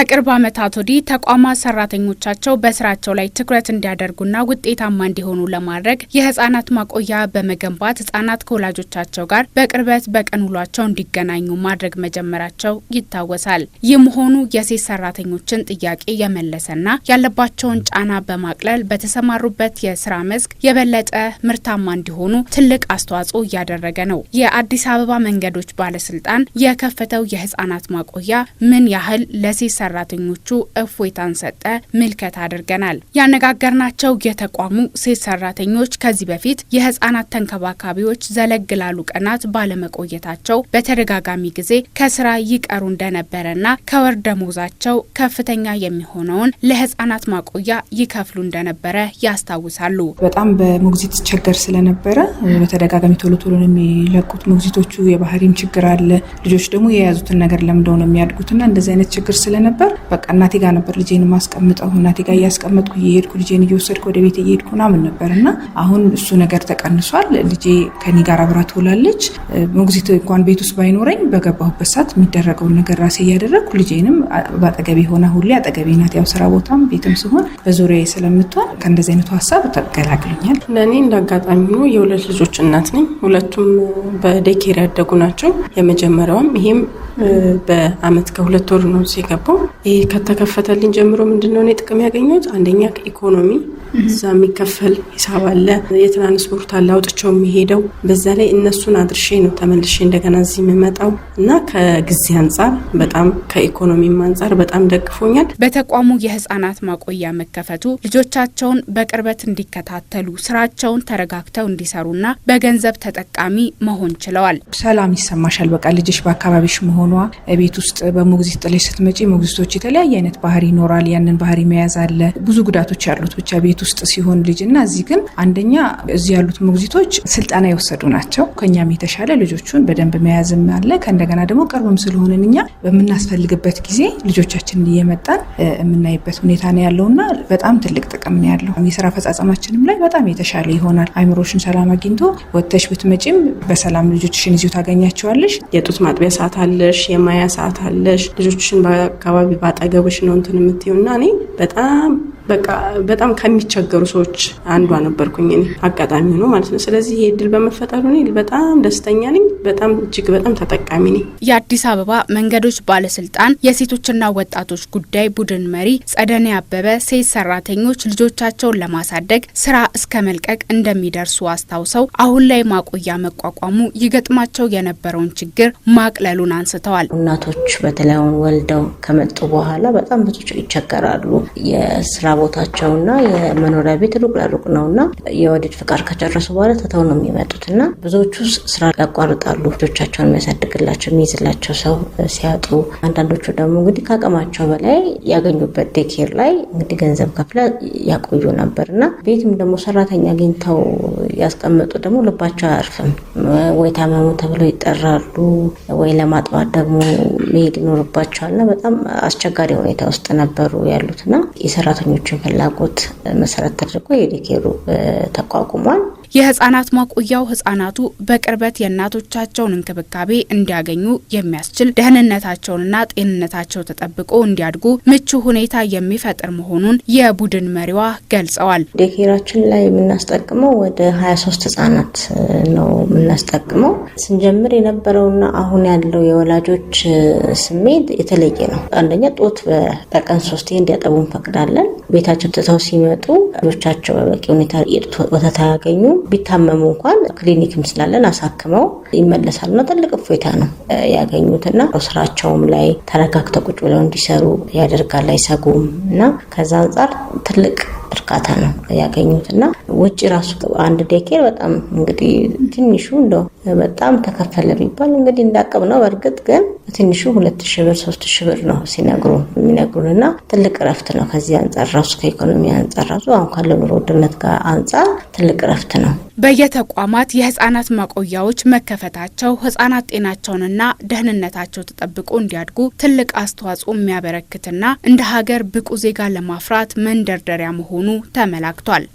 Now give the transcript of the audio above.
ከቅርብ ዓመታት ወዲህ ተቋማት ሰራተኞቻቸው በስራቸው ላይ ትኩረት እንዲያደርጉና ውጤታማ እንዲሆኑ ለማድረግ የህጻናት ማቆያ በመገንባት ህጻናት ከወላጆቻቸው ጋር በቅርበት በቀን ውሏቸው እንዲገናኙ ማድረግ መጀመራቸው ይታወሳል። ይህ መሆኑ የሴት ሰራተኞችን ጥያቄ የመለሰና ያለባቸውን ጫና በማቅለል በተሰማሩበት የስራ መስክ የበለጠ ምርታማ እንዲሆኑ ትልቅ አስተዋጽኦ እያደረገ ነው። የአዲስ አበባ መንገዶች ባለስልጣን የከፈተው የህጻናት ማቆያ ምን ያህል ለሴት ሰራተኞቹ እፎይታን ሰጠ ምልከት አድርገናል። ያነጋገርናቸው የተቋሙ ሴት ሰራተኞች ከዚህ በፊት የህጻናት ተንከባካቢዎች ዘለግ ላሉ ቀናት ባለመቆየታቸው በተደጋጋሚ ጊዜ ከስራ ይቀሩ እንደነበረና ከወር ደሞዛቸው ከፍተኛ የሚሆነውን ለህጻናት ማቆያ ይከፍሉ እንደነበረ ያስታውሳሉ። በጣም በሞግዚት ችግር ስለነበረ በተደጋጋሚ ቶሎ ቶሎ ነው የሚለቁት ሞግዚቶቹ። የባህሪም ችግር አለ። ልጆች ደግሞ የያዙትን ነገር ለምደው ነው የሚያድጉትና እንደዚህ አይነት ችግር ስለነበ ነበር። በቃ እናቴ ጋር ነበር ልጄን ማስቀምጠው እናቴ ጋር እያስቀመጥኩ እየሄድኩ ልጄን እየወሰድኩ ወደ ቤት እየሄድኩ ምናምን ነበር እና አሁን እሱ ነገር ተቀንሷል። ልጄ ከኔ ጋር አብራ ትውላለች። ሞግዚት እንኳን ቤት ውስጥ ባይኖረኝ በገባሁበት ሰዓት የሚደረገውን ነገር ራሴ እያደረግኩ ልጄንም በአጠገቤ ሆነ ሁሌ አጠገቤ ናት። ያው ስራ ቦታም ቤትም ሲሆን በዙሪያ ስለምትሆን ከእንደዚህ አይነቱ ሀሳብ ተገላግሎኛል። ለእኔ እንደ አጋጣሚ ሆኖ የሁለት ልጆች እናት ነኝ። ሁለቱም በዴኬር ያደጉ ናቸው። የመጀመሪያውም ይሄም በአመት ከሁለት ወር ነው ሲገባው ከተከፈተልኝ ጀምሮ ምንድነው ነው እኔ ጥቅም ያገኘሁት? አንደኛ ከኢኮኖሚ እዛ የሚከፈል ሂሳብ አለ፣ የትራንስፖርት አለ፣ የሚሄደው በዛ ላይ እነሱን አድርሼ ነው ተመልሼ እንደገና እዚህ የምመጣው እና ከጊዜ አንጻር በጣም ከኢኮኖሚም አንጻር በጣም ደግፎኛል። በተቋሙ የህጻናት ማቆያ መከፈቱ ልጆቻቸውን በቅርበት እንዲከታተሉ ስራቸውን ተረጋግተው እንዲሰሩና በገንዘብ ተጠቃሚ መሆን ችለዋል። ሰላም ይሰማሻል። በቃ ልጅሽ በአካባቢሽ መሆኗ ቤት ውስጥ በሞግዚት ጥለሽ ስትመጪ ሞግዚቶች የተለያየ አይነት ባህሪ ይኖራል። ያንን ባህሪ መያዝ አለ። ብዙ ጉዳቶች ያሉት ብቻ ቤት ቤት ውስጥ ሲሆን ልጅ እና እዚህ ግን አንደኛ እዚህ ያሉት ሞግዚቶች ስልጠና የወሰዱ ናቸው። ከኛም የተሻለ ልጆቹን በደንብ መያዝም አለ። ከእንደገና ደግሞ ቅርብም ስለሆንን እኛ በምናስፈልግበት ጊዜ ልጆቻችንን እየመጣን የምናይበት ሁኔታ ነው ያለውና በጣም ትልቅ ጥቅም ነው ያለው። የስራ አፈጻጸማችንም ላይ በጣም የተሻለ ይሆናል። አይምሮሽን ሰላም አግኝቶ ወተሽ ብትመጪም በሰላም ልጆችሽን እዚሁ ታገኛቸዋለሽ። የጡት ማጥቢያ ሰዓት አለሽ፣ የማያ ሰዓት አለሽ። ልጆችሽን በአካባቢ በአጠገብሽ ነው እንትን የምትይው እና እኔ በጣም በቃ በጣም ከሚቸገሩ ሰዎች አንዷ ነበርኩኝ እኔ አጋጣሚ ሆኖ ማለት ነው። ስለዚህ ይሄ እድል በመፈጠሩ እኔ በጣም ደስተኛ ነኝ። በጣም እጅግ በጣም ተጠቃሚ ነኝ። የአዲስ አበባ መንገዶች ባለስልጣን የሴቶችና ወጣቶች ጉዳይ ቡድን መሪ ጸደኔ አበበ ሴት ሰራተኞች ልጆቻቸውን ለማሳደግ ስራ እስከ መልቀቅ እንደሚደርሱ አስታውሰው አሁን ላይ ማቆያ መቋቋሙ ይገጥማቸው የነበረውን ችግር ማቅለሉን አንስተዋል። እናቶች በተለይ አሁን ወልደው ከመጡ በኋላ በጣም ብዙ ይቸገራሉ። የስራ ቦታቸውና የመኖሪያ ቤት ሩቅ ለሩቅ ነው እና የወሊድ ፍቃድ ከጨረሱ በኋላ ትተው ነው የሚመጡት እና ብዙዎቹ ስራ ያቋርጣሉ። ልጆቻቸውን የሚያሳድግላቸው የሚይዝላቸው ሰው ሲያጡ፣ አንዳንዶቹ ደግሞ እንግዲህ ከአቅማቸው በላይ ያገኙበት ዴኬር ላይ እንግዲህ ገንዘብ ከፍለ ያቆዩ ነበር እና ቤትም ደግሞ ሰራተኛ አግኝተው ያስቀመጡ ደግሞ ልባቸው አያርፍም። ወይ ታመሙ ተብለው ይጠራሉ፣ ወይ ለማጥባት ደግሞ መሄድ ይኖርባቸዋል እና በጣም አስቸጋሪ ሁኔታ ውስጥ ነበሩ ያሉት እና የሰራተኞችን ፍላጎት መሰረት ተደርጎ የዴኬሩ ተቋቁሟል። የህጻናት ማቆያው ህጻናቱ በቅርበት የእናቶቻቸውን እንክብካቤ እንዲያገኙ የሚያስችል ደህንነታቸውንና ጤንነታቸው ተጠብቆ እንዲያድጉ ምቹ ሁኔታ የሚፈጥር መሆኑን የቡድን መሪዋ ገልጸዋል። ዴኬራችን ላይ የምናስጠቅመው ወደ 23 ህጻናት ነው የምናስጠቅመው። ስንጀምር የነበረውና አሁን ያለው የወላጆች ስሜት የተለየ ነው። አንደኛ ጡት በቀን ሶስቴ እንዲያጠቡ እንፈቅዳለን። ቤታቸው ትተው ሲመጡ ልጆቻቸው በበቂ ሁኔታ የጡት ወተት አያገኙም ቢታመሙ እንኳን ክሊኒክም ስላለን አሳክመው ይመለሳሉና ትልቅ እፎይታ ነው ያገኙትና ስራቸውም ላይ ተረጋግተው ቁጭ ብለው እንዲሰሩ ያደርጋል አይሰጉም እና ከዛ አንጻር ትልቅ እርካታ ነው ያገኙት እና ውጭ ራሱ አንድ ዴኬር በጣም እንግዲህ ትንሹ እንደ በጣም ተከፈለ ቢባል እንግዲህ እንዳቅም ነው። በእርግጥ ግን ትንሹ ሁለት ሺ ብር ሶስት ሺ ብር ነው ሲነግሩ የሚነግሩን እና ትልቅ እረፍት ነው። ከዚህ አንጻር ራሱ ከኢኮኖሚ አንጻር ራሱ አሁን ካለ ኑሮ ውድነት ጋር አንጻር ትልቅ እረፍት ነው። በየተቋማት የህጻናት ማቆያዎች መከፈታቸው ህጻናት ጤናቸውንና ደህንነታቸው ተጠብቆ እንዲያድጉ ትልቅ አስተዋጽኦ የሚያበረክትና እንደ ሀገር ብቁ ዜጋ ለማፍራት መንደርደሪያ መሆኑ ተመላክቷል።